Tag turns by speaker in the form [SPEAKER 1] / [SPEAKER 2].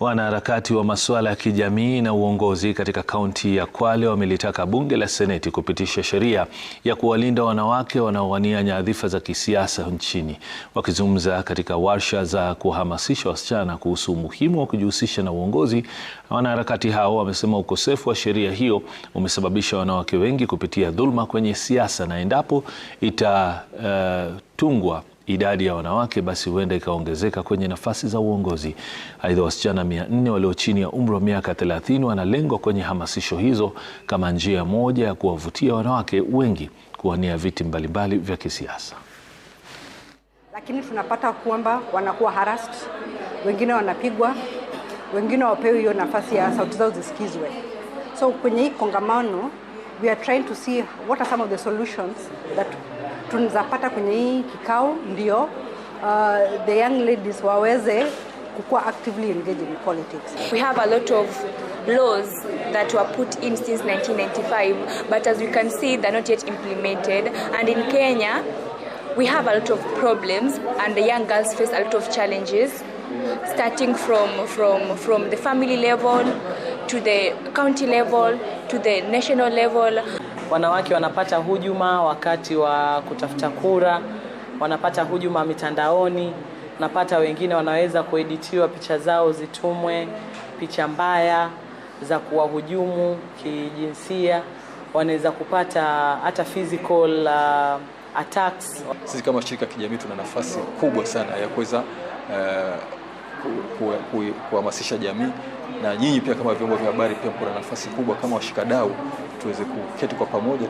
[SPEAKER 1] Wanaharakati wa masuala ya kijamii na uongozi katika kaunti ya Kwale wamelitaka bunge la seneti kupitisha sheria ya kuwalinda wanawake wanaowania nyadhifa za kisiasa nchini. Wakizungumza katika warsha za kuhamasisha wasichana kuhusu umuhimu wa kujihusisha na uongozi, wanaharakati hao wamesema ukosefu wa sheria hiyo umesababisha wanawake wengi kupitia dhuluma kwenye siasa na endapo ita uh, kutungwa idadi ya wanawake basi huenda ikaongezeka kwenye nafasi za uongozi. Aidha, wasichana mia nne walio chini ya umri wa miaka thelathini wanalengwa kwenye hamasisho hizo kama njia moja ya kuwavutia wanawake wengi kuwania viti mbalimbali vya kisiasa.
[SPEAKER 2] Lakini tunapata kwamba wanakuwa harassed, wengine wanapigwa, wengine wapewe hiyo nafasi ya sauti zao zisikizwe. So kwenye hii kongamano we are trying to see what are some of the solutions that tunazapata kwenye hii kikao, ndio uh, the young ladies waweze kukuwa actively engaged in politics.
[SPEAKER 3] We have a lot of laws that were put in since 1995 but as we can see they're not yet implemented and in Kenya we have a lot of problems and the young girls face a lot of challenges starting from from from the family level to the county level to the national level.
[SPEAKER 4] Wanawake wanapata hujuma wakati wa kutafuta kura, wanapata hujuma mitandaoni, napata wengine wanaweza kueditiwa picha zao zitumwe picha mbaya za kuwahujumu kijinsia, wanaweza kupata hata physical uh, attacks.
[SPEAKER 5] Sisi kama shirika kijamii tuna nafasi kubwa sana ya kuweza uh, kuhamasisha jamii, na nyinyi pia kama vyombo vya habari pia kuna nafasi kubwa kama washikadau, tuweze kuketi kwa pamoja tu